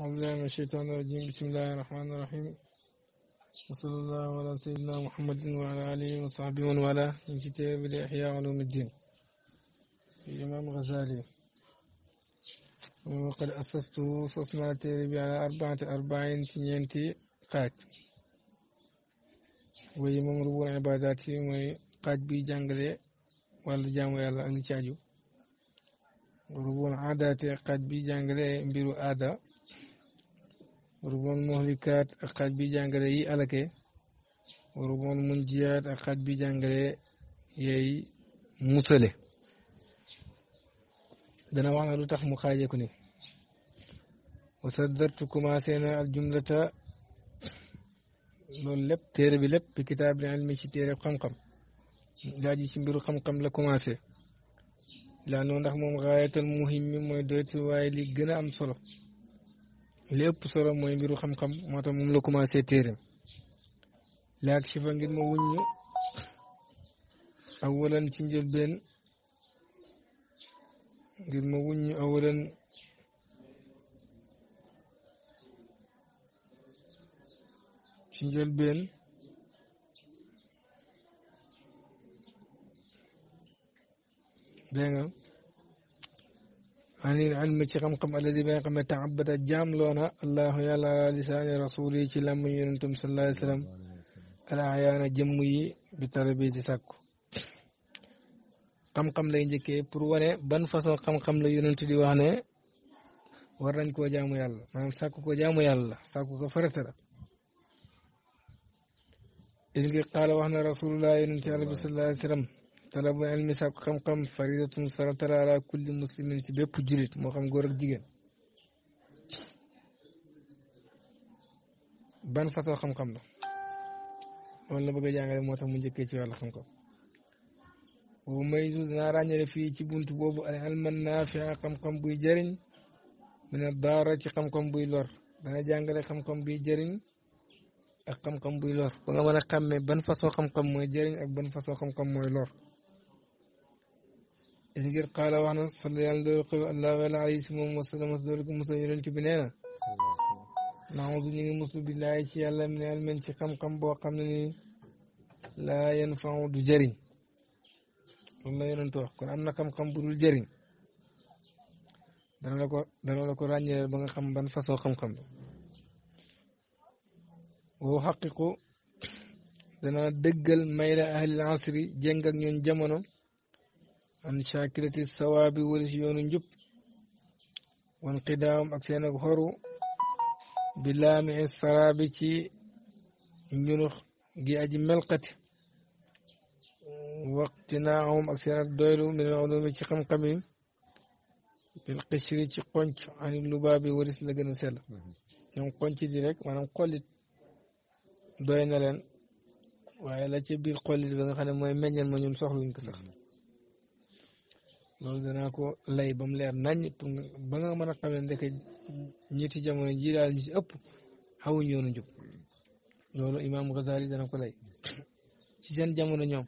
أعوذ بالله من الشيطان الرجيم بسم الله الرحمن الرحيم وصلى الله على سيدنا محمد وعلى آله وصحبه ومن والاه من كتاب إحياء علوم الدين الإمام الغزالي وقد أسسته صصنا تيربي على أربعة أربعين سنين تي قات ويمم ربون عباداتي وقات بي جانجلي wàllu jaamu yàlla ak li caaju rubun aadaate xaj bi jàngale mbiru aada rubon muhlikaat ak xaaj bi jàngale yi alake rubon munjiyaat ak xaaj bi jàngale yey musale dana wax lu tax mu xaajeeku ni wa saddartu commencé na al jumlata loolu lépp téere bi lépp bi kitaab li ilmi ci téere xam-xam laaj ci mbiru xam-xam la commencé laa noo ndax moom xaayatal muhim mooy doytu waaye li gën a am solo li ëpp mooy mbiru xam-xam moo tax moom la commencé téere laak shifa ngir ma wuññu awalan ci njëlbeen ngir ma wuññu awalan ci njëlbeen dégg anil ilmi ci xam-xam alladi bi nga xam ne taabada jaamloona allahu yàlla lisaani rasul yi ci làmm yonentum sallallahu alayhi wa sallam al ayaana jëmm yi bi talabi ci sàkku xam-xam lay njëkkee pour wane ban façon xam la yonent di wax ne war nañ koo jaamu yàlla maanaam ko jaamu yàlla farata la is ngi qaala wax na rasulullah yonent تنبو علم ساق قم قم فريدة سرطرة على كل مسلمين سبب جريت مقام غورك ديجن بان فاسو خم خم دو ولا بغا جانغال موتا مو نجي كيتي ولا خم كو وميز ناراني في تي بونت بوبو على علم النافع خم خم بوي جارين من الدار تي خم خم بوي لور دا جانغال خم خم بي جارين اك خم خم بوي لور بغا مانا خامي بان فاسو خم خم موي جارين اك بان فاسو خم خم موي لور isngir qaala wax na sall yàlla doolu ko allah wala alayhi si moom wasalama doolu ko mos a yonent bi nee na naawusu ñu ngi muslu billaahi ci yàlla min almen ci xam-xam boo xam ne ni laa yan fanu du jëriñ loolu la yonent wax kon am na xam-xam bu dul jëriñ dana la ko dana la ko ràññee ba nga xam ban façon xam-xam bi wow xaqiqu dana dëggal may la ahlil asri jéng ak ñoon jamono an shakirati sawaabi wala si yoonu njub wan qidaam ak seen ak xoru bi laami saraabi ci njunux gi aji melqati waqtinaahum ak seen ak doylu min ulumi ci xam-xam yi bil qishri ci qonc ani lubaabi waris la gën a sell ñoom qonc di rek maanaam xollit doy na leen waaye la ca biir xollit ba nga xam ne mooy meññal ma ñun soxluñ ko sax loolu danaa ko lay ba mu leer nañ ba nga mën a xam ne ndeke ñetti jamono ji daal ñu si ëpp xawuñ yoonu njub loolu imaam Ghazali dana ko lay ci seen jamono ñoom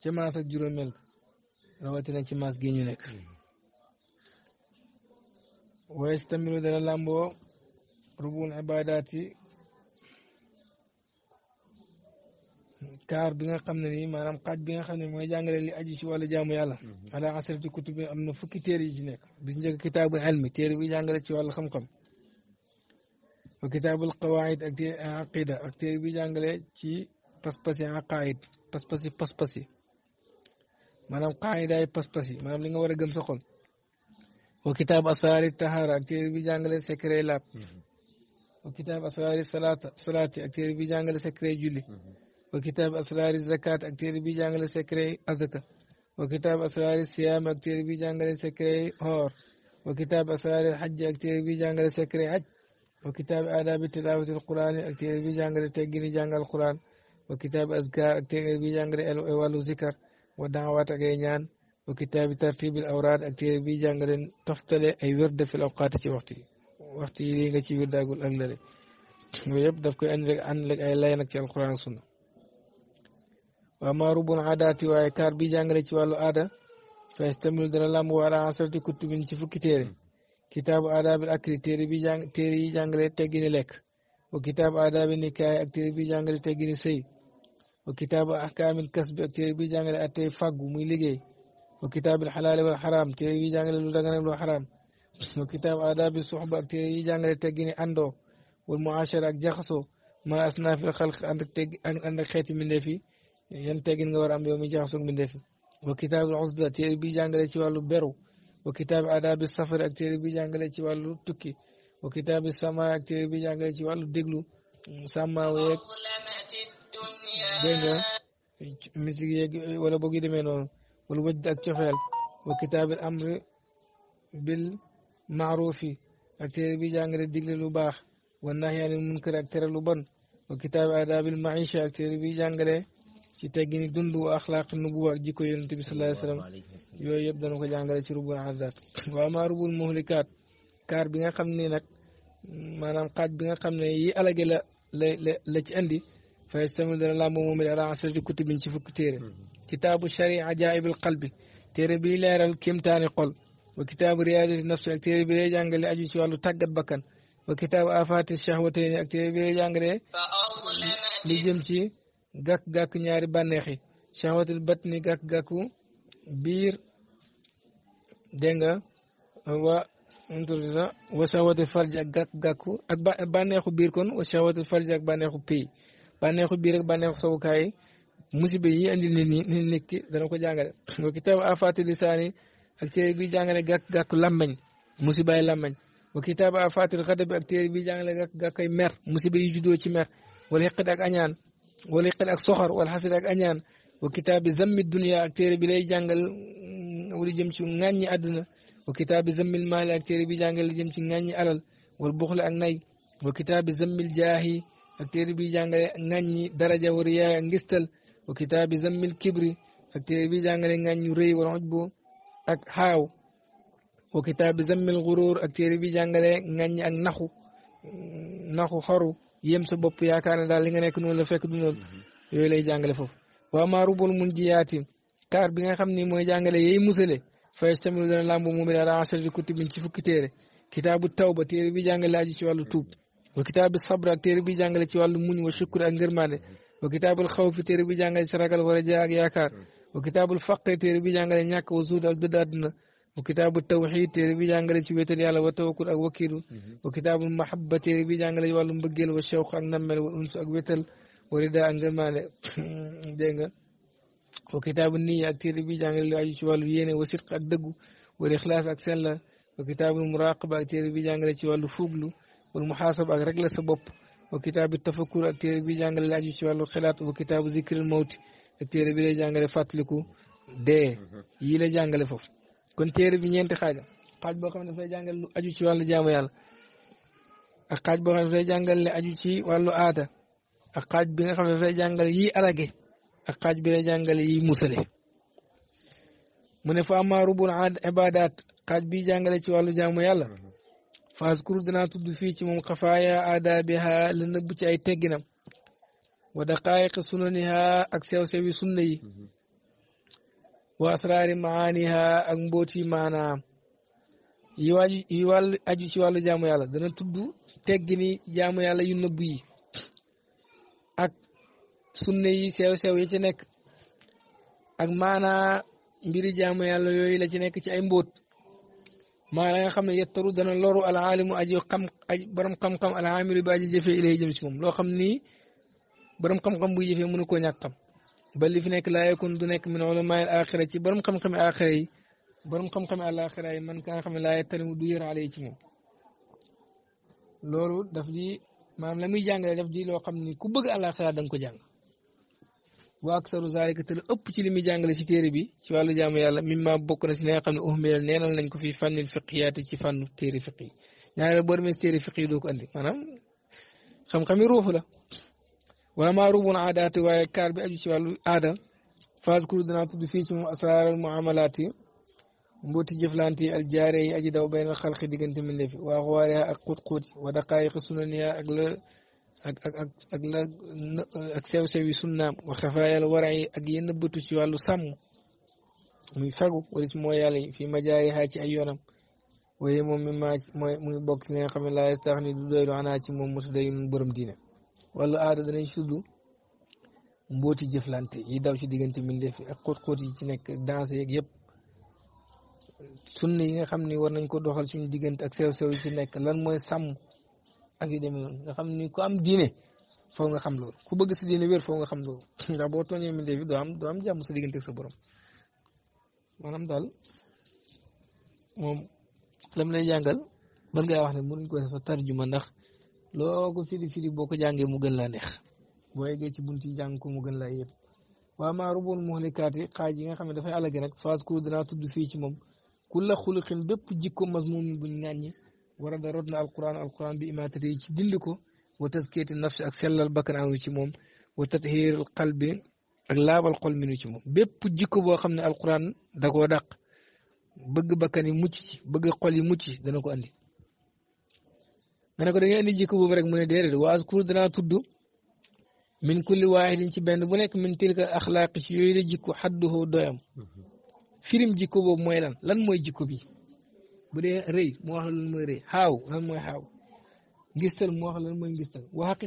ca maas ak rawatina ci maas gi ñu nekk wa yastamilu dana làmboo rubun ibadaat kaar bi nga xam ne nii maanaam xaaj bi nga xam ne mooy jàngale li aju ci wàllu jaamu yàlla mm-hmm. ala asrati kutub am na fukki téere yi ci nekk bi ci njëkk kitaabu ilmi téere bi jàngale ci wàllu xam-xam wa kitaabul qawaid ak aqida ak téere bi jàngale ci pas-pas yi aqaid pas-pas yi pas-pas yi maanaam qaidaay pas-pas yi maanaam li nga war a gëm sa xol wa kitaab asraari tahaara ak téere bi jàngale secret laab mm-hmm. wa kitaab asraari salaata salaati ak téere bi jàngale secret julli mm-hmm. wa kitaab asraari zakat ak téere bi jàngale secret azaka wa kitaab asraari siyaam ak téere bi jàngale secret hoor wa kitaab asraari hajj ak téere bi jàngale secret aj wa kitaab aadaabi tilaawatil quraan ak téere bi jàngale teggini jàngal quraan wa kitaab azkaar ak téere bi jàngale e, wàllu zikar wa daawaat ak ay ñaan wa kitaabi tartibil awraad ak téere bi jàngale toftale ay wérde fil awqaati ci waxtu yi waxtu yi lii nga ci wér daagul ak lële yooyu yëpp daf koy andi rek ànd ak ay lay nag ci alquran ak sunna wa maarubun aadaati waaye kaar bi jàngale ci wàllu aada fa istamil dana làmb waala asarti kutubin ci fukki téere kitaabu aadaabil akri téere bi jàng téere yi jàngale teggini lekk wa kitaabu aadaabi nikaay ak téere bi jàngale teggini sëy wa kitaabu ahkaamil kasbi ak téere bi jàngale attey fàggu muy liggéey wa kitaabil xalaali wal xaraam téere bi jàngale lu dagana lu xaraam wa kitaabu aadaabi suxba ak téere yi jàngale teggini àndoo wal muachara ak jaxasoo ma asnaafil xalq ànd ak teg ànd ak xeeti mbindeef yi yan tegin nga war am yow mi jax jaxasoog bindef wa kitab al usla téere bi jàngale ci walu beru wa kitab adab al safar ak téere bi jàngale ci walu tukki wa kitab al sama ak téere bi jàngale ci walu déglu sama yeeg dégg nga misik yeeg wala bogi deme non noonu wala wëjd ak tiofel wa kitab al amr bil maarufi ak téere bi jàngale digle lu baax wa nahyi anil munkar ak tere lu bon wa kitaabi adaabil maisha ak téere bi jàngale ci teggini dund wa axlaaq nubuwa ak jikko yonente bi sallallahu alayhi wasallam yooyu yëpp dana ko jàngale ci rubul azat wa ma rubul muhlikaat kaar bi nga xam ne nag maanaam xaaj bi nga xam ne yi alage la la la ci andi fa yastamil dana làmb moom it ala asrati kutubin ci fukki téere kitaabu shari ajaaibul qalbi téere bi leeral kéemtaani xol wa kitaabu riyaadati nafsi ak téere bi lay jàngale aju ci wàllu tàggat bakkan wa kitaabu afaati shahwatayni ak téere bi lay jàngale li jëm ci gàkk-gàkk ñaari bànneexi shahwatul batni gàkk-gàkku biir dégg nga wa sa wa shahwatul farj ak gàkk-gàkku ak bànneexu biir kon wa shahwatul farj ak bànneexu pay bànneexu biir ak bànneexu sowukaay musiba yi indi nit ñi nit nit dana ko jàngale wa kitaab afaati lisaani ak téere bi jàngale gàkk-gàkku làmmañ musibaay làmmañ wa kitaab afaati xadab ak téere bi jàngale gàkk-gàkkay mer musiba yi juddoo ci mer wala xeqat ak añaan وليقل اك سخر والحسد اك انيان وكتاب زم الدنيا اك تيري بلاي جانجل ولي جمشو نغاني ادنا وكتاب زم المال اك تيري بي جانجل جمشو نغاني علل والبخل اك ناي وكتاب زم الجاهي اك تيري بي جانجل ناني درجة ورياء انجستل وكتاب زم الكبري اك تيري بي جانجل ناني ري ورعجبو اك هاو وكتاب زم الغرور اك تيري بي جانجل ناني اك نخو نخو خرو yéem sa bopp yaakaar ne daal li nga nekk noonu la fekk du noonu mhm. yooyu lay jàngale foofu waa maa rubul mun jiyaati kaar bi nga xam ni mooy jàngale yey musale fay tamit dana làmb moom it daal di kutub ci fukki téere kitaabu tawba téere bi jàngale aju ci wàllu tuub mhm. wa kitaabu sabr ak téere bi jàngale ci wàllu muñ wa shukur ak ngërmaande mhm. wa kitaabul xawfi téere bi jàngale ci ragal wa rajaa ak yaakaar wa kitaabul faqri téere bi jàngale ñàkk wa zuud ak وكتاب التوحيد تيري بي جانغلي سي ويتال يالا وتوكل اك وكيلو وكتاب المحبه تيري بي جانغلي والو مبغيل والشوق اك نمل والانس اك ويتال وريدا انغل مال دينغا وكتاب النيه اك جانغلي اي سي والو يينه وصدق اك دغ والاخلاص اك وكتاب المراقبه اك جانغلي سي والو فوغلو والمحاسبه اك رجل وكتاب التفكر اك جانغلي اي سي والو خلات وكتاب ذكر الموت اك جانغلي فاتلكو دي يي جانغلي فوفو kon téere bi ñeenti xaaj la xaaj boo xam ne dafay jàngal aju ci wàllu jaamu yàlla ak xaaj boo xam ne dafay jàngal lu aju ci wàllu aada ak xaaj bi nga xam ne dafay jàngal yi alage ak xaaj bi lay jàngal yi musale mu ne fa amaa rubul ibadat xaaj bi jàngale ci wàllu jaamu yàlla faskuru danaa tudd fii ci moom xafaaya aadaabiha la nëbb ci ay tegginam wa daqaayiq sunaniha ak sew-sewi sunna yi wa asraari maaniha ak mbooti maanaam yi waaju aju ci wàllu jaamu yàlla dana tudd ni jaamu yàlla yu nëbb yi ak sunne yi sew-sew yi ci nekk ak maana mbiri jaamu yàlla yooy la ci nekk ci ay mboot maa la nga xam ne yettaru dana loru al aalimu aji xam aj borom xam-xam al aamilu bi aji jëfee ilay jëm si moom loo xam ni borom xam-xam buy jëfee mënu ko ñàkk xam ba li fi nekk laa yakun du nekk min ulamaay alaxira ci borom xam-xami axira yi borom xam-xami alaxira yi man ka nga xam ne laa yattalimu du yër ale ci moom loolu daf di maanaam la muy jàngale daf di loo xam ni ku bëgg alaxira da nga ko jàng wa aksaru zalika te lu ëpp ci li muy jàngale si téere bi ci wàllu jaamu yàlla mimma bokk na si li nga xam ne uhmila neenal nañ ko fi fànnil fiqiyaati ci fànnu téere fiq yi ñaareel boo demee si téere fiq yi doo ko andi maanaam xam-xami ruuxu la ولما روبون عادات ويكار بأجو شوالو آدا فازكر دنا تدو في سمو أسرار المعاملات مبوتي جفلانتي الجاري أجد بين الخلق ديغنت من لفي وأغوارها أقود قود ودقائق سننيا أقل أقل أكسيو سيو سنة وخفايا الورع أقل ينبوتو شوالو سمو مي فاغو ولسمو يالي في مجاري هاتي أيونام ويمو مما مي بوكس نيا قمي لا يستغني دو دويلو عناتي مو مسدين برم دينه wala aada danañ tudd mbooti jëflante yi daw ci diggante mbindeef yi ak xóot-xóot yi ci nekk danse yeeg yëpp sunna yi nga xam ni war nañ ko doxal suñu diggante ak sew-sew yi ci nekk lan mooy sàmm ak yu demee noonu nga xam ni ko am diine foo nga xam loolu ku bëgg si diine wér foo nga xam loolu ndax boo tooñee mbindeef yi doo am doo jàmm sa diggante sa borom maanaam daal moom lam lay jàngal ban ngay wax ne mënuñ ko def sa tarjuma ndax loo ko firi firi boo ko jàngee mu gën laa neex boo yeggee ci bunti jàng ko mu gën laa yëpp waa maa ruboon muhlikaati xaaj yi nga xam ne dafay àllage nag faas ku tudd fii ci moom ku la xuluqin bépp jikko mazmum buñ ŋàññi war a da rot na alquran alquran bi imaatati ci dindi ko wa taskiyati nafsi ak sellal bakkan anu ci moom wa tathir qalbi ak laabal xol minu ci moom bépp jikko boo xam ne alquran da koo dàq bëgg bakkan yi mucc ci bëgg xol yi mucc dana ko andi nga ko da ngeen indi jikko boobu rek mu ne déedéet wa azkur danaa tudd min kulli waahidin ci benn bu nekk min tilka axlaaqi ci yooyu la jikko xadduhu doyam firim jikko boobu mooy lan lan mooy jikko bi bu dee rëy mu wax la lan mooy rëy xaaw lan mooy xaaw ngistal mu wax lan mooy ngistal wax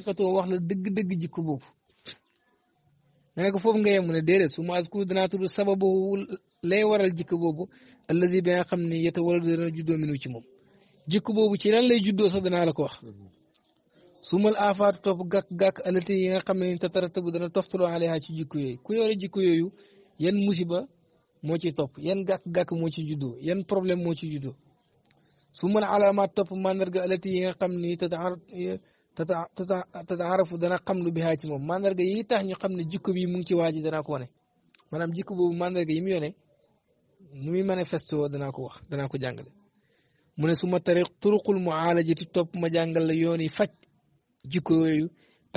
la dëgg-dëgg jikko boobu nga ko foofu nga yem ne déedéet su ma azkuru danaa lay waral jikko boobu allazi bi nga xam ne yeta wala dana juddoo minu ci moom jikko boobu ci lan lay juddoo sax danaa la ko wax mm-hmm. su mal aafaatu topp gàkk-gàkk alati yi nga xam ne ni tatarattabu dana toftaloo aleyha ci jikko yooyu ku yore jikko yooyu yan musiba moo ciy topp yan gàkk-gàkk moo ci juddoo yan problème moo ci juddoo su mal alaamaat topp mandarga alati yi nga xam ne ni tataarafu dana xam lu bihaa ci moom mandarga yi tax ñu xam ne jikko bi mu ngi ci waaji danaa ko wane maanaam jikko boobu mandarga yi mu yone nu muy manifesté woo danaa ko wax danaa ko jàngale mu ne su ma tare turuqul muaalajati topp ma jàngal la yoon yi faj jikko yooyu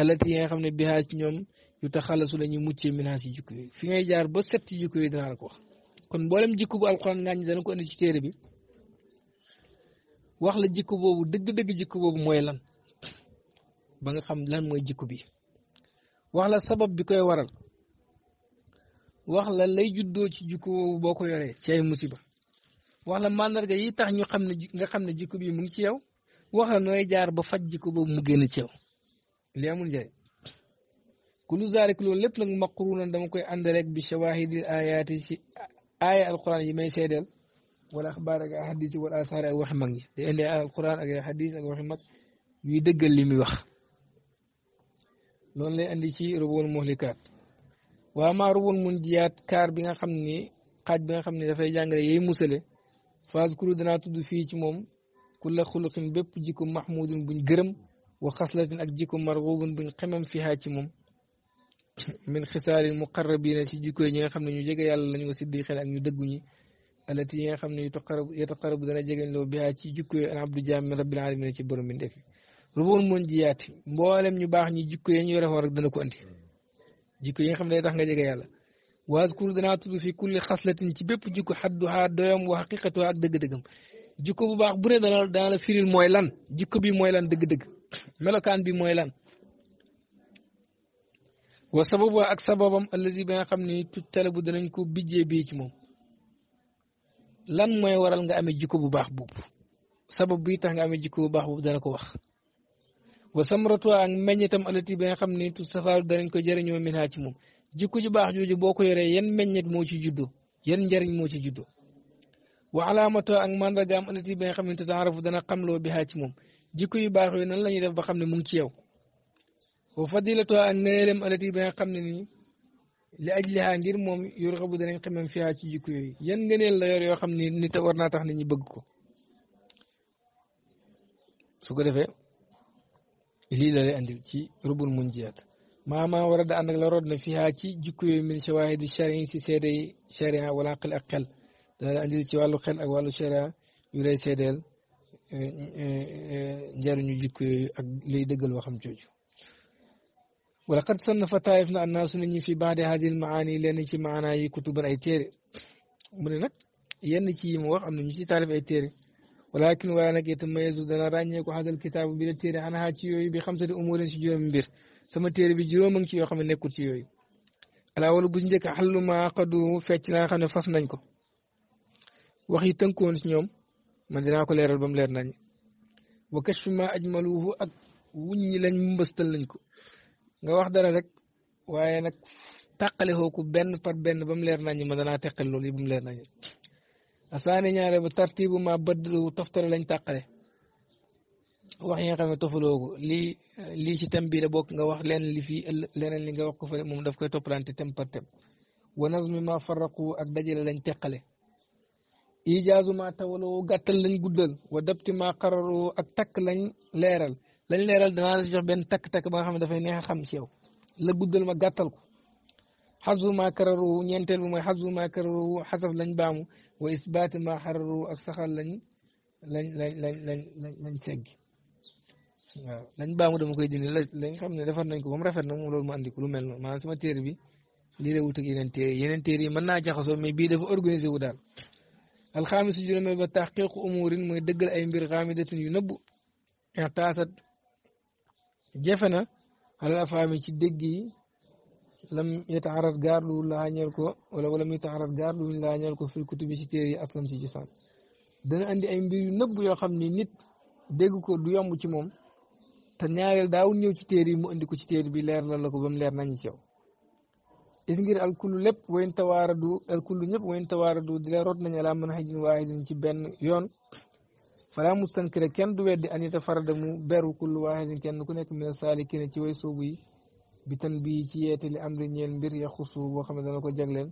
alati yi nga xam ne bihaa ci ñoom yu tax xalasu la ñuy muccee minaas yi jikko yooyu fi ngay jaar ba set jikko yooyu danaa la ko wax kon mboolem jikko bu alxuraan ngaañ dana ko indi ci téere bi wax la jikko boobu dëgg-dëgg jikko boobu mooy lan ba nga xam lan mooy jikko bi wax la sabab bi koy waral wax la lay juddoo ci jikko boobu boo ko yoree ci ay musiba wax la màndarga yi tax ñu xam ne nga xam ne jikko bi mu ngi ci yow wax la nooy jaar ba faj jikko boobu mu génn ci yow li amul njëriñ kullu zaalik loolu lépp nag maqrunan dama koy ànd rek bi shawahidil ayaati ci aaya alquran yi may seedeel wala axbaar ak ahadis wala asaar ak waxi mag ñi te indi alquran ak ahadis ak waxi mag andi ci rubul muhlikaat waa maa rubul munjiyaat kaar bi nga xam ni xaaj bi nga xam ne dafay jàngale yey musale phase kuru danaa tudd fii ci moom kulla xuluqin bépp jikko mahmudun buñ gërëm wa xaslatin ak jikko marxubun buñ xemam fiha ci moom min xisaalin muqarrabina ci jikko yi ñi nga xam ne ñu jege yàlla lañu wa siddiqin ak ñu dëggu ñi alati yi nga xam ne yataqarabu dana jegeñ loo biha ci jikko yi al abdu jaam min rabbil alamin ci borom bi ndef ruboon moon jiyaati mboolem ñu baax ñi jikko yi ñu yore woon rek dana ko andi jikko yi nga xam ne day tax jege yàlla واذكر ذنات في كل خصلة تبيب جيكو حدها دوام وحقيقة واك دق دقم جيكو بباق بري دانال دانال فير المويلان جيكو بي مويلان دق دق ملو كان بي مويلان وسبب واك سبب الذي بنا خمني تتلب دننكو بيجي بيج مو لن موي ورال نغا امي جيكو بباق بوب سبب بي تنغا امي جيكو بباق بوب دانكو وخ وسمرتو اك منيتم التي بنا خمني تسفار دننكو جرنيو منها چمو jikko ju baax jooju boo ko yoree yan meññet moo ci juddu yan njariñ moo ci juddu wa alaamato ak mandargaam alati bi nga xam ne tataarafu dana xam loo bi ci moom jikko yu baax yooyu nan la ñuy def ba xam ne mu ngi ci yow wa fadilato ak bi nga xam ne nii li ajliha ngir moom yor xabu danañ xamem fiha ci jikko yooyu yan ngëneel la yor yoo xam ne nit war naa tax nit ñi bëgg ko su ko defee lii la lay andil ci rubul muñ jiyaat ماما ورد أنك لرد في هاتي جكوي من شواهد الشرعين سيدي شرعها والعقل أقل دار أنجل توالو خل أقوالو شرع يري سيدل جارني جكوي لي دقل وخم جوجو ولقد صنف طائفنا الناس نني في بعض هذه المعاني لأنك معنا كتب أي تير مننك ينك موقع من جي تعرف أي ولكن وانك يتميز دنا رانيك هذا الكتاب بلا تير عن هاتي بخمسة أمور سجون بير sama téere bi juróom a ngi ci yoo xam ne nekkul ci yooyu alaa bu njëkk xallu ma aqadu fecc la nga xam ne fas nañ ko wax yi tënkoon ci ñoom man dinaa ko leeral ba mu leer nañ wa kashfu ma ajmaluhu ak wuñ ñi lañ mbëstal lañ ko nga wax dara rek waaye nag tàqale xoo ko benn par benn ba mu leer nañ ma danaa teqal loolu yi ba mu leer nañ asaane ñaare ba tartibu ma baddalu toftale wax yi nga xam ne tofaloo ko lii lii ci tem bi la bokk nga wax leen li fii leneen li nga wax ko fa moom daf koy toppalante tem par tem wa nazmi ma farraqu ak dajale lañ teqale ijaazu ma tawaloo gàttal lañ guddal wa dabti ma qararoo ak takk lañ leeral lañ leeral danaa la jox benn takk-takk ba nga xam ne dafay neex a xam ci yow la guddal ma gàttal ko xasbu ma kararoo ñeenteel bu mooy xasbu ma kararoo xasaf lañ baamu wa isbaati ma xararoo ak saxal lañ lañ lañ lañ lañ lañ seggi waaw lañ baamu dama koy dindi la lañ xam ne defar nañ ko moom rafet na moom loolu mu andi ko lu mel noonu maanaam sama téere bi lii la wut ak yeneen téere yeneen téere yi mën naa jaxasoo mais bii dafa organisé wu daal alxaamisu juróomeel ba taxqiqu umurin mooy dëggal ay mbir yu nëbbu taasat jafe na alal afaami ci dégg yi lam yataarat gaar lu laañal ko wala wala mu yataarat gaar ko fil kutubi ci yi aslam ci jisaan dana andi ay mbir yu nëbbu yoo xam ni nit dégg ko du yomb ci moom te ñaareel daawul ñëw ci téere yi mu indi ko ci téere bi leer la la ko ba leer nañu ci yow is ngir alkullu lépp wayn tawaaradu alkullu ñëpp wayn tawaaradu di du rot nañu laa mën a xajin waahidin ci benn yoon fala mustankira kenn du weddi anita farada mu beru kullu waahidin kenn ku nekk mina saalikina ci way soobu yi bi tan bi ci yeete li am ri ñeel mbir ya xusu boo xam ne dana ko jagleen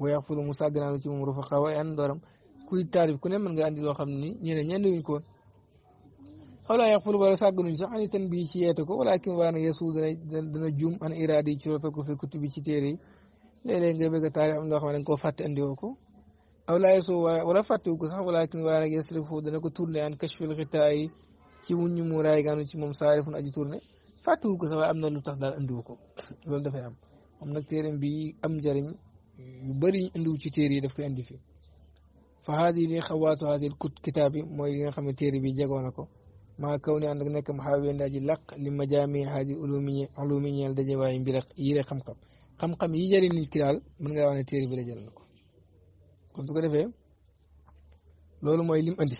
wayax a mu sàgganaalu ci moom rufa xaw ay an dooram ku ne mën nga loo xam ne ni ñeneen ko ولا يغفل ولا ساقن إن شاء الله تنبيشياتك ولكن وانا يسوع دنا جم أن إرادي شرطك في كتب تيري لين جب كتاري عمد أخوان إنكو فات أنديوكو أو لا يسوع ولا فاتوكو صح ولكن وانا يسرفه دنا كتورنا أن كشف الغطاء تيمون يموراي كانوا تيمم صارف أن أجتورنا فاتوكو صح أمنا لطخ دار أنديوكو قول ده فهم أمنا تيرم بي أم جرم يبرين أندو تيري دفك أندي فهذه خوات هذه الكتاب ما يخمن تيري بيجا قانكو maa kaw ni ànd ak nekk mu xaawee ndaa ji laq li ma jaami xaaji ulumi ulumi ñeel daje waaye mbir yi rek xam-xam xam-xam yi jëriñ nit ki mën nga wax ne bi la jël na ko kon su ko defee loolu mooy lim andi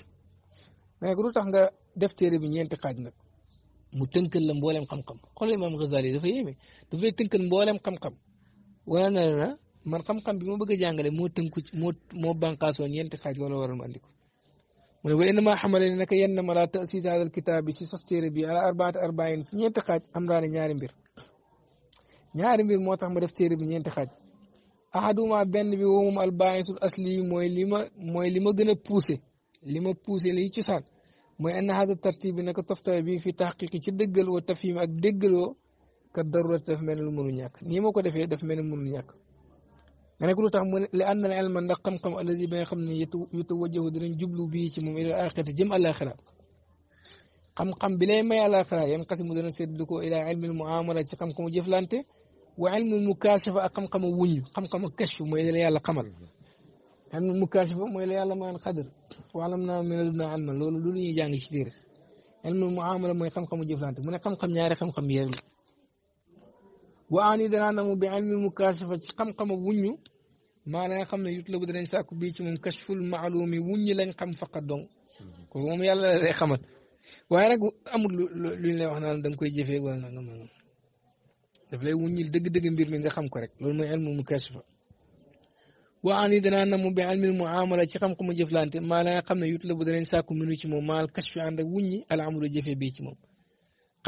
mais du tax nga def téere bi ñeenti xaaj nag mu tënkal la mboolem xam-xam xoolal imaam Ghazali dafa yéeme dafa lay tënkal mboolem xam-xam wane na man xam-xam bi ma bëgg a jàngale moo tënku moo moo bànqaasoo ñeenti xaaj loolu waral ma ko وإنما حمل إنك ينم على تأسيس هذا الكتاب بسستير بي على أربعة أربعين في ينتخاج أمران نعرم بير نعرم بير موتح مدفتير بي ينتخاج أحد ما بين بي وهم الباين سب أصلي موي لما موي لما جنة بوسي لما بوسي لي تسان موي أن هذا الترتيب إنك تفتى بي في تحقيق تدقل وتفهم أك دقل كالضرورة تفهم من المنونيك نيمو كدفه دفهم المنونيك انا يعني كنت لان العلم ان قمقم الذي بين خمن يتوجه درن جبلو بي سي موم الى الاخره جم الاخره قمقم بلا ما الاخره ينقسم درن سدكو الى علم المعامله سي قمقم جفلانتي وعلم المكاشفه قمقم وني قمقم كشف ما الى الله قمر علم المكاشفه ما الى الله ما القدر وعلمنا من ابن علم لولو دوني جان سير علم المعامله ما قمقم جفلانتي من قمقم ياري قمقم ياري waani danaa namu bi ilmi mukaasifa ci xam-xama wuññu maa la nga xam ne yut lagu danañ sàkku bii ci moom kashful maalumi wuññi lañ xam faqat dong kooku moom yàlla la lay xamal waaye nag amul luñ lay wax naan da nga koy jëfee wala nangam nangam daf lay wuññil dëgg-dëgg mbir mi nga xam ko rek loolu mooy ilmu mukaasifa waani danaa namu bi ilmi muamala ci xam-xama jëflante maa la nga xam ne yut lagu danañ sàkku minu ci moom maal kashfi ànd ak wuññi al amalu jëfee bii ci moom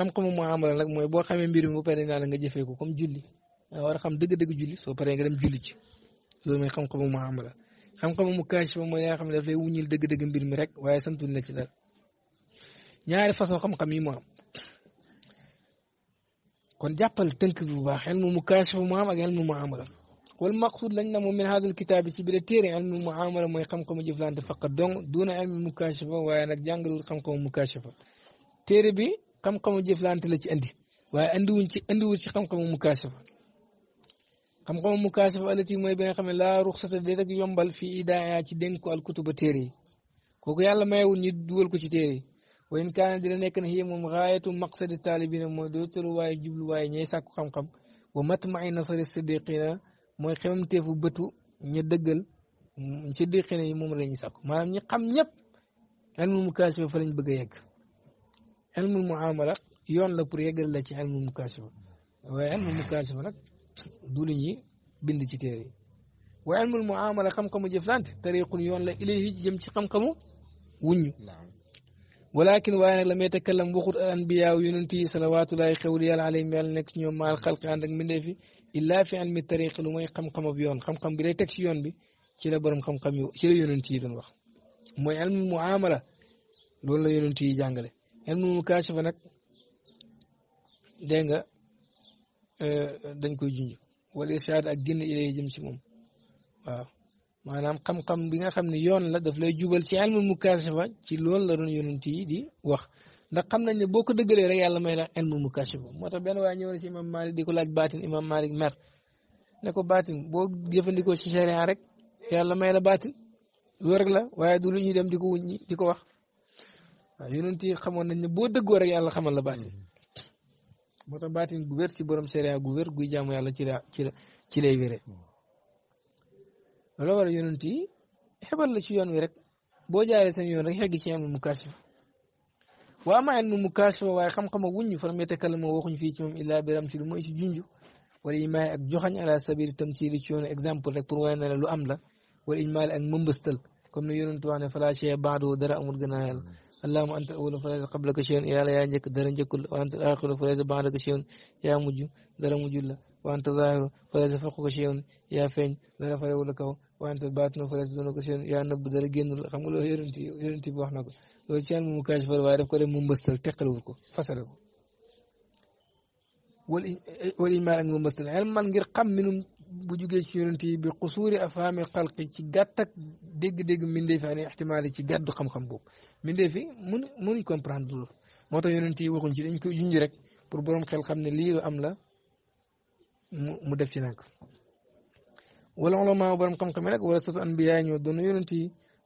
xam-xamu mu amala nag mooy boo xamee mbir mi bu paree nga la nga jëfee ko comme julli nga war a xam dëgg-dëgg julli soo paree nga dem julli ci loolu mooy xam-xamu mu amala xam-xamu mu kaas ba mooy yaa xam ne daf wunil wuññil dëgg-dëgg mbir mi rek waaye santul na ci dara ñaari façon xam-xam yi mu am kon jàppal tënk bi bu baax ilmu mu kaas mu am ak ilmu mu amala wal maqsud lañ na mo min hadal kitab ci bi téere ilmu mu amala mooy xam-xamu jëflante faqat dong duuna ilmu mu kaas waaye nag jàngalul xam-xamu mu kaas téré bi xam-xamu jëflante la ci andi waaye andi wuñ ci andi wuñ ci xam-xamu mukaasifa xam-xamu mukaasifa alati mooy bi nga xam ne laa ruxsata déet ak yombal fii idaaya ci dénk ko al kutuba téere yi kooku yàlla mayewul ñu dugal ko ci téere yi wa in kaana dina nekk ne xii moom xaayatu maqsadi taalibina mooy dootalu waaye jublu waaye ñey sàkku xam-xam wa matmai nasari siddiqina mooy xemamteefu bëtu ña dëggal siddiqina yi moom la ñuy sàkku maanaam ñi xam ñëpp ilmul mukaasifa fa lañ bëgg a yegg علم المعاملة يون لا بور يغال لا سي علم المكاسبة واي علم المكاسبة نك دولي ني بيند سي المعاملة خم كم جفلانت طريق يون لا اليه جيم كم وني نعم. ولكن واي لا مي تكلم وخوت الانبياء يونتي صلوات الله خوليا عليهم يال نيوم مال خلق عندك مندي في الا في علم الطريق لو مي خم كم بيون خم كم بي تك سي يون بي سي لا بروم خم كم سي لا يونتي دون واخ موي علم المعاملة لول لا يونتي جانغالي ilmu mukaashafa nag dégg nga euh, dañ koy junj wala ishaad ak génn ilay jëm si moom waaw maanaam xam-xam bi nga xam ne yoon la daf lay jubal si ci ilmu mukaashafa ci loolu la doon yonent yi di wax ndax xam nañ ne boo ko dëggalee rek yàlla may la ilmu mukaashafa moo tax benn waaye ñëw na si imam Malik di ko laaj baatin imam Malik mer ne ko baatin boo jëfandikoo si sharia rek yàlla may la baatin loolu rek la waaye du lu ñu dem di ko wuññi di ko wax. waaw yonent yi xamoon nañ ne boo dëggoo rek yàlla xamal la baatin mm-hmm. moo tax baatin gu wér ci borom séria gu wér guy yàlla ci la ci la ci lay wéree mm-hmm. loolu war a yonent yi la ci yoon wi rek boo jaaree seen yoon rek xegg ci ilmu mukaashifa waa ma ilmu xam-xam ak wuññi faram yatakallam moo waxuñ fii ci moom illaa biram ci lu mooy ci ak joxañ ala sabir tam ci li ci yoon exemple rek pour waye na la lu am la wala ijmaal ak mëmbëstal comme ne yonent wax ne fala chey baado dara amul gannaaw yàlla mm-hmm. اللهم انت اول فليس قبلك شيء يا لا ينجك درن جكل وانت اخر فليس بعدك شيء يا مج درن مج لا وانت ظاهر فليس فوقك شيء يا فين درن فرو لك وانت باطن فليس دونك شيء يا نب درن ген خم لو هيرنتي هيرنتي بو حناكو لو شان مكاشفر وارف كول ممبستر تقلو كو فسرو ولي ولي مال ممبستر علم من غير قم منهم bu jugee ci yonent yi bi xusuuri afaami xalqi ci gàtt ak dégg-dégg an ani ixtimaali ci gàddu xam-xam boobu mbindeef yi mun mënuñ comprendre loolu moo tax yonent yi waxuñ ci dañ koy junj rek pour borom xel xam ne lii lu am la mu def ci nag wala ulama borom xam-xam yi nag wala satu anbiya ñoo doon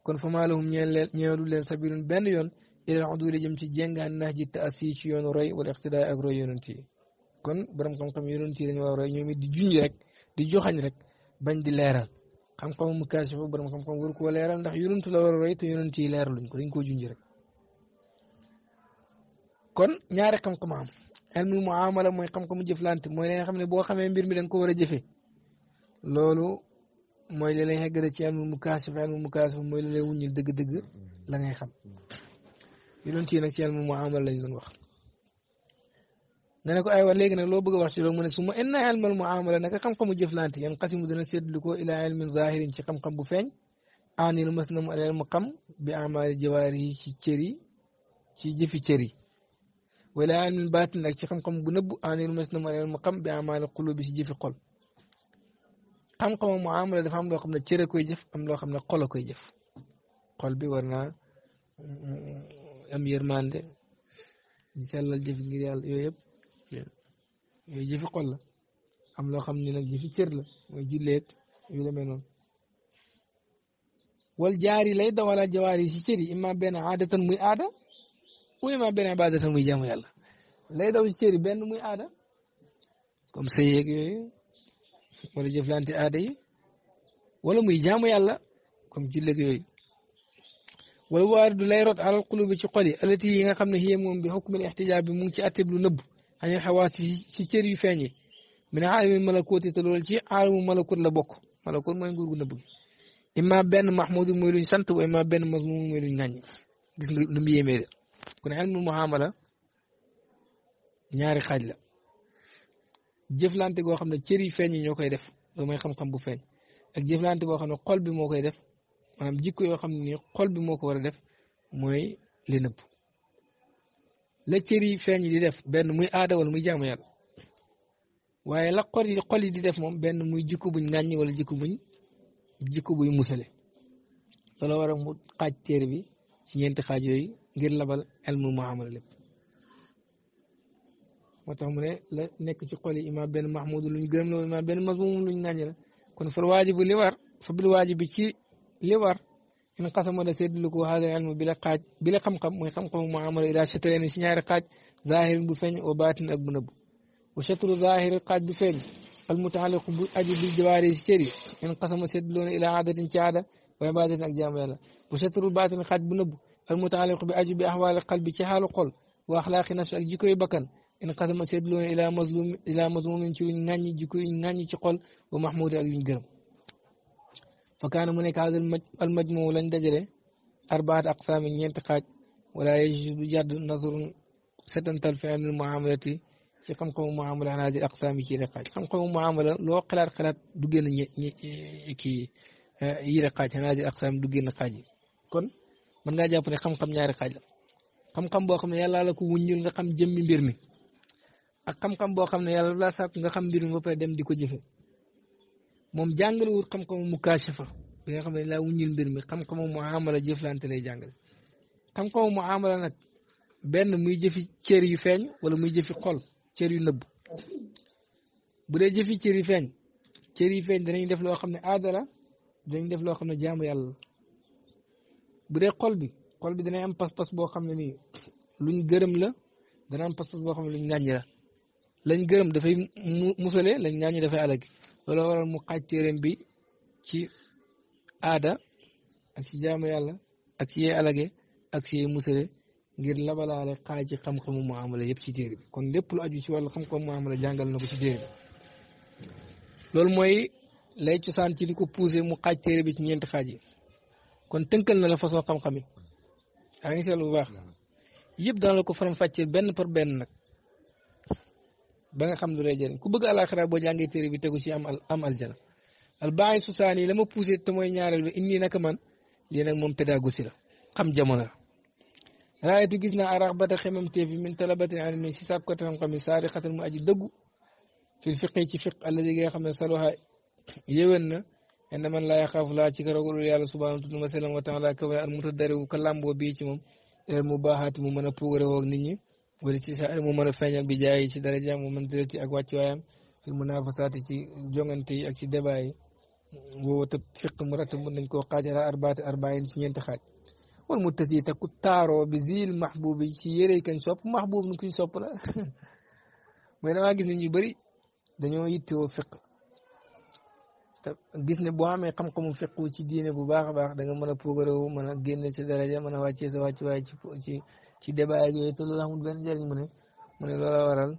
kon fa maa lahum ñeel leen ñeelu leen sabilun benn yoon ilal uduli jëm ci jéngaan nax ji taasi ci yoonu roy wala iqtidaa ak roy kon borom xam-xam yonent yi a roy ñoom it di junj di joxañ rek bañ di leeral xam-xamu mu kaasifu borom xam-xam waru koo leeral ndax yonentu la war a roy te yonent yi leeraluñ ko dañ koo junj rek kon ñaari xam am ilmul muamala mooy xam-xamu jëflante mooy li nga xam ne boo xamee mbir mi da ko war a jëfee loolu mooy li lay xeggale ci ilmul mukaasif ilmul mukaasif mooy li lay wuññil dëgg-dëgg la ngay xam yonent yi nag ci ilmul muamala lañ doon wax نانكو اي ولا ليغي نا لو بوغ واخ سي لو سوما ان علم المعامله نك خم خمو جفلانتي ين قسم دنا سيدلوكو الى علم ظاهر سي خم خم بو فين ان المسلم على المقام باعمال جواري سي تشيري سي جيفي تشيري ولا علم الباطن نك سي خم خم بو نبو ان المسلم على المقام باعمال القلوب سي جيفي قلب خم خم معامله دا فام لو خم نا تشيري كوي جيف ام لو خم نا خولا كوي جيف قلبي ورنا ام يرماندي سيلال جيف غير يال يويب yooyu jëfi xol la am loo xam ni nag jëfi cër la mooy julleeg yu demee noonu wal jaari lay dawala jawaar yi si cër yi imma benn aadatan muy aada ou imma muy jaamu yàlla lay daw benn muy aada comme sëy yeeg yooyu wala jëflante aada wala muy jaamu yàlla comme julleeg yooyu wala waaridu lay rot alal xulubi ci xol yi yi nga xam ne xiyé moom bi xukmil ixtijaab bi mu ngi ci attib lu nëbb ani xawaas si cër yu feeñe min aalami malakooti te loolu ci aalamu malakut la bokk malakut mooy nguur gu nëbb gi imma benn mahmudu muy luñ sant wa imma benn mazmumu muy luñ ngàññ gis mu yéemee de kon ilmu muhamala ñaari xaaj la jëflante goo xam ne cër yi ñoo koy def loolu mooy xam bu feeñ ak jëflante goo xam ne xol bi moo koy def maanaam jikko yoo xam ne xol bi moo ko war a def mooy li nëbb la cër yi feeñ di def benn muy aada wala muy jaamu yàlla waaye la xol yi di def moom benn muy jikko buñ ŋàññi wala jikko buñ jikko buñ musale loolu war a mu xaaj téere bi ci ñeenti xaaj yooyu ngir labal elmu muamala lépp moo tax mu ne la nekk ci xol yi imaam benn mahmudu luñ gërëm la imaam benn mazmum luñ ŋàññi la waajibu li war fa bil waajibi ci li war إن قسم ولا سيد لكو هذا العلم بلا قاج بلا قمقم ويقمقم معامل إلى شطر يعني سنعر قاج ظاهر بفن وباطن أقبنب وشطر ظاهر قاج بفن المتعلق بأجل بالجواري الشري إن قسم سيد لون إلى عادة شعادة وعبادة أجام يلا وشطر الباطن قاج بنب المتعلق بأجل بأحوال القلب شحال قل وأخلاق نفس الجكر بكن إن قسم سيد لون إلى مظلوم إلى مظلوم شرين ناني جكر ناني شقل ومحمود أجل جرم fa kaana mu nekk al majmuu lañ dajale arbaat aqsaami ñeenti xaaj wala yajuz du jàdd nasrun setantal fi ilmil muamalati ci xam-xamu muamala anaaji aqsaami ci yële xaaj loo xalaat xalaat du génn ñi ki yële xaaj anaaji aqsaami du génn xaaj kon mën ngaa jàpp ne xam-xam ñaari xaaj la xam-xam boo xam ne yàlla la ko wuññul nga xam jëmmi mbir mi ak xam-xam boo xam ne yàlla la sàkk nga xam mbir mi ba pare dem di ko jëfe moom jàngale wut xam-xamu mukaashafa bi nga xam ne laa wuññil mbir mi xam-xamu mu amala jëflante lay jàngale xam-xamu mu amala nag benn muy jëfi cër yu feeñ wala muy jëfi xol cër yu nëbb bu dee jëfi cër yu feeñ cër yu feeñ danañ def loo xam ne aada la danañ def loo xam ne jaamu yàlla la bu dee xol bi xol bi danañ am pas-pas boo xam ne nii luñ gërëm la dana am pas-pas boo xam ne luñ ngàññi la lañ gërëm dafay musale lañ ngàññi dafay alagi loola waral mu xaaj téeréem bi ci aada ak ci jaamu yàlla ak ci yee alage ak ci yee musale ngir labalaale xaaji xam-xamu muamala yëpp ci téere bi kon lépp lu aju ci wàllu xam-xamu muamala jàngal na téere bi loolu mooy lay cosaan ci li ko poussé mu xaaj téere bi ci ñeenti xaaj yi kon tënkal na la façon xam-xam yi yaa ngi seetlu bu baax mm-hmm. yëpp dana la ko faram-fàccee benn par benn nag ba nga xam lu lay jëriñ ku bëgg alaxira boo jàngee téere bi tegu ci am am aljana albaayi susaan yi la ma poussé te mooy ñaareel bi indi man lii nag moom pédagogie la xam jamono la raayatu gis naa arax bata xemam teefi min talabati almi si sàkkati xam-xam yi saari xatan mu aji dëggu fil fiqi ci fiq alladi nga xam ne saluha yéwén na enda man laa yaxaafu laa ci ka ragalul yàlla subhanahu tudd ma sallam wa taala kawe al mutadariwu ka làmboo bii ci moom ilal mu baaxaati mu mën a puugarewoo ak nit ñi wala ci saa mu mën a feeñal bi jaay ci darajaam mu mën dirati ak wàccuwaayam fil munaafasaati ci jongante yi ak ci débat yi woo te fiq mu mun nañ koo xaaj ala arbaati arbaayin ci ñeenti xaaj wal mu tasi te ku bi zil mahbub ci yére kañ sopp mahbub nu kuñ sopp la mais damaa gis nit ñu bëri dañoo yittewoo fiq te gis ne boo amee xam-xamu fiqu ci diine bu baax a baax da nga mën a progré wu mën a génne sa daraja mën a wàccee sa wàccuwaay ci ci ci débat yooyu te loolu amul ben njëriñ mu ne mu ne loola waral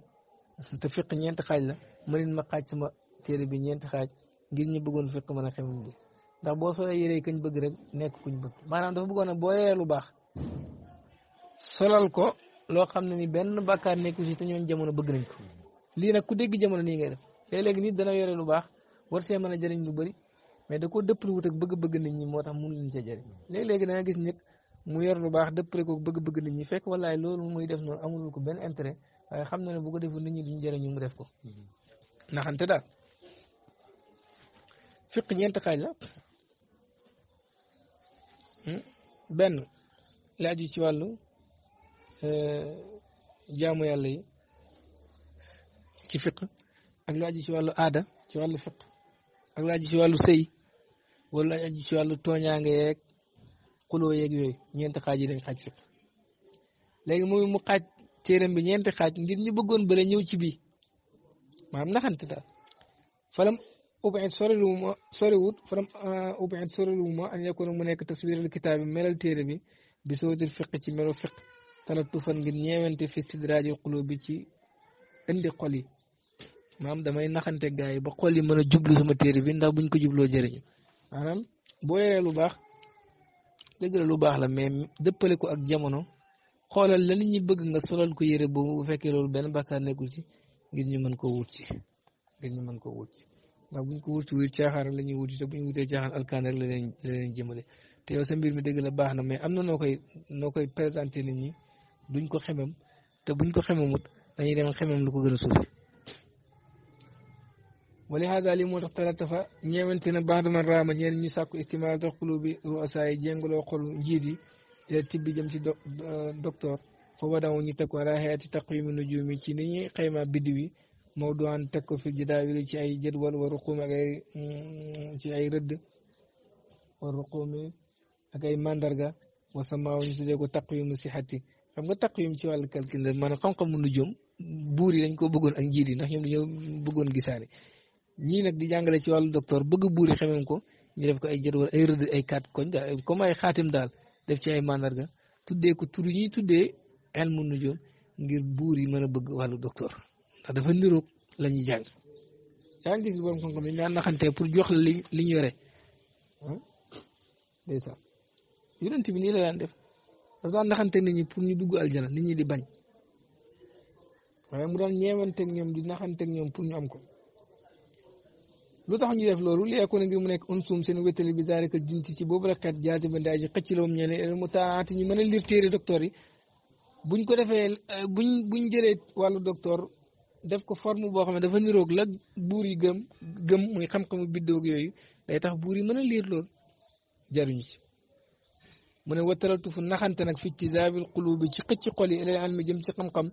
te fiq ñent xaj la ma ma xaj sama téré bi ñent xaj ngir ñu bëggoon fiq mëna xam xamam bi ndax boo solee yére kañ bëgg rek nekk kuñ bëgg manam dafa bëggoon bo yéré lu bax solal ko lo xamni ni ben bakkar nekku ci te ñoon jamono bëgg nañ ko li nak ku dégg jamono ni ngay def léeg-léeg nit dana yore lu bax war sé mëna a jëriñ lu bari mais da ko dëpp lu wut ak bëgg-bëgg nit ñi motax mënu ñu ci jëriñ léeg-léegi da nga gis nit mu yor lu baax dëppale ko bëgg-bëgg nit ñi fekk wallaay loolu muy def noonu amulul ko benn intérêt waaye xam na ne bu ko deful nit ñi duñ jëriñu mu def ko mm-hmm. naxante daal fiq ñeenti xaaj la hmm? benn laaju ci wàllu euh, jaamu yàlla yi ci fiq ak laaju ci wàllu aada ci wàllu fiq ak laaju ci wàllu sëy wala laaju ci wàllu tooñaange yeeg xuloo yeeg yooyu ñeenti xaaj yi dañ xaaj fiq léegi moom mu xaaj téeram bi ñeenti xaaj ngir ñu bëggoon bële ñëw ci bii maanaam naxante daal falam ubit soriwuma soriwut falam ubit soriwuma an yakuna mu nekk taswiral kitaab bi melal téere bi bi sootil fiq ci melo fiq talatufan ngir ñeewante fi sidraaji xuloo bi ci indi xol yi maanaam damay naxante gaa yi ba xol yi mën a jublu sama téere bi ndax buñ ko jubloo jëriñu maanaam boo yoree lu baax dëgg la lu baax la mais dëppale ko ak jamono xoolal la nit ñi bëgg nga solal ko yére boobu bu fekkee loolu benn bàkkaar nekkul ci ngir ñu mën koo wut si ngir ñu mën koo wut si ndax buñ ko wut si wut caaxaan la ñuy wut si te buñ wutee caaxaan alkaan rek la leen la leen te yow sa mbir mi dëgg la baax na mais am na noo koy noo koy présenté nit ñi duñ ko xemam te buñ ko xemamut dañu dem xemam lu ko gën a suufi wali hada li moo tax talata fa ñeewante na baax dama raama ñeen ñu sàkku istimaal dox xulubi ruasa yi jéngaloo xol njiit yi ila tibbi jëm ci docteur fa wadaw ñu teg ko ala hayati taqwimi nujumi ci ni ñuy xayma biddi wi mawduan teg ko fi jadaawilu ci ay jadwal wa ruqum ak ci ay rëdd wa ruqumi ak ay mandarga wa samaaw ñu tuddee ko taqwimu sihati xam nga taqwim ci wàllu calcul la maanaam xam-xamu nujum buur yi dañ ko bëggoon ak njiit yi ndax ñoom dañoo bëggoon gisaane ñii nag di jàngale ci wàllu docteur bëgg buuri xamem ko ñu def ko ay jër wala ay rëdd ay quatre koñ comme ay xaatim daal def ci ay mandarga tuddee ko tur ñuy tuddee ilmu nujum ngir buur yi mën a bëgg wàllu docteur ndax dafa niroog la ñuy jàng yaa gis borom xam-xam yi ñaan pour jox la li li ñu yore ndeysaan yonent bi nii la daan def dafa daan naxante nit pour ñu dugg aljana nit ñi di bañ waaye mu daan ñeewanteeg ñoom di naxanteeg ñoom pour ñu am ko lu tax ñu def loolu li yekkoon ngir mu nekk unsum seen wéttali bi zaalika jinsi ci boobu rek kat jaati ba ndaay ji xëcc loom ñene el mu taati ñu mën a lire téere docteur yi buñ ko defee buñ buñ jëlee wàllu docteur def ko forme boo xam ne dafa niroog la buur yi gëm gëm muy xam-xamu biddoog yooyu day tax buur yi mën a lire loolu jaruñu ci mu ne wattalatu fu naxante nag fi ci zaabil qulubi ci xëcc xol yi ilal ilmi jëm ci xam-xam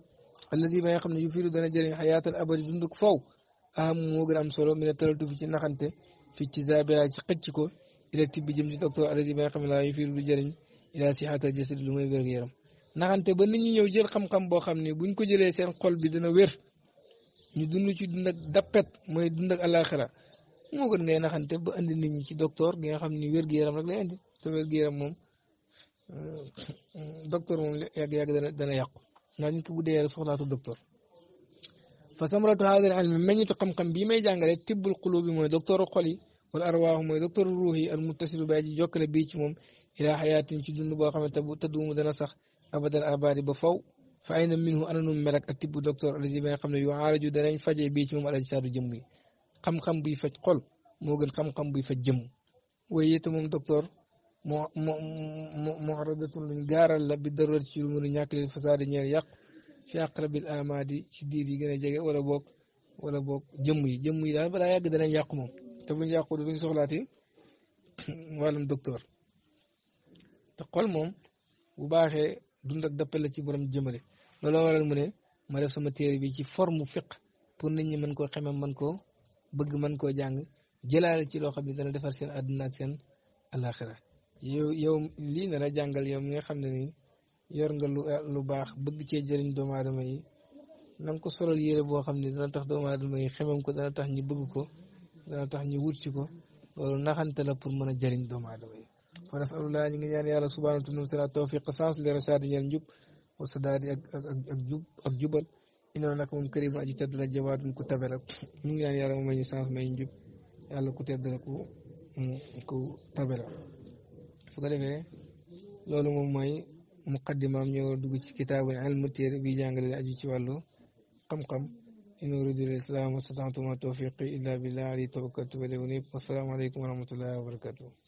allazi ba nga xam ne yu fiiru dana jëriñ xayaatal abadi dunduk foofu aham moo gën a am solo mi ne talatu fi ci naxante fi ci zabira ci xëcc ko ila tibbi jëm ci docteur arasi bi nga xam ne laa yu fiir du jëriñ ila sihata jasad lu may wér yaram naxante ba ni ñu ñëw jël xam-xam boo xam ne buñ ko jëlee seen xol bi dana wér ñu dundu ci dund ak dappet mooy dund ak alaxira moo gën ngay naxante ba indi ni ñi ci docteur gi nga xam ni wér gu yaram rek lay indi te wér gu yaram moom euh, docteur moom yàgg-yàgg dana dana yàqu ndax nit ki bu dee soxlaatu docteur فسمرة هذا العلم من يتقمقم بما يجعل تب القلوب من دكتور قلي والأرواح من دكتور الروحي المتصل بأجي جوكل بيتشموم إلى حياة تدون باقمة تدوم دنسخ أبدا الأباري بفو فأين منه أنا نملك التب دكتور الذي ما يقوم يعالج دنين فجأة بيتشموم الأجسار الجمعي قم قم بي فتقل موغل قم قم بي فتجم ويتموم دكتور معرضة من جارة بالضرورة تشيرون من ياكل الفساد نير يقل fi aqrabil amadi ci diir yi gën a jege wala boog wala boog jëmm yi jëmm yi daal balaa yàgg danañ yàqu moom te buñ yàqu duñ soxlaati wàllum docteur te xol moom bu baaxee dund ak dappale ci borom jëmale looloo waral mu ne ma def sama téere bi ci forme fiq pour nit ñi mën koo xeme mën koo bëgg mën koo jàng jëlaale ci loo xam ne dana defar seen àdduna ak seen alaxira yow yow lii na la jàngal yow mi nga xam ne nii yor nga lu eh, lu baax bëgg cee jëriñ doomu aadama yi na ko solal yére boo xam ne dana tax doomu aadama yi xemam ko dana tax ñi bëgg ko dana tax ñu wut ci ko loolu naxante pour mën a jëriñ doomu aadama yi fa nasalullah ñu ngi ñaan yàlla subhanahu wa taala sala tawfiq sens li rasaadi ak ak ak jub ak jubal inoo nag moom karimun aji tedd la jawaadun ku tabe la ñu ngi ñaan yàlla mu may ñu sens may njub yàlla ku tedd ku ku tabe la defee loolu moom mooy مقدمة من دوغي كتاب علم التير بي جانغل الأجيش والو قم قم إن أريد الإسلام وستعطوا ما إلا بالله علي توكلت وليونيب والسلام عليكم ورحمة الله وبركاته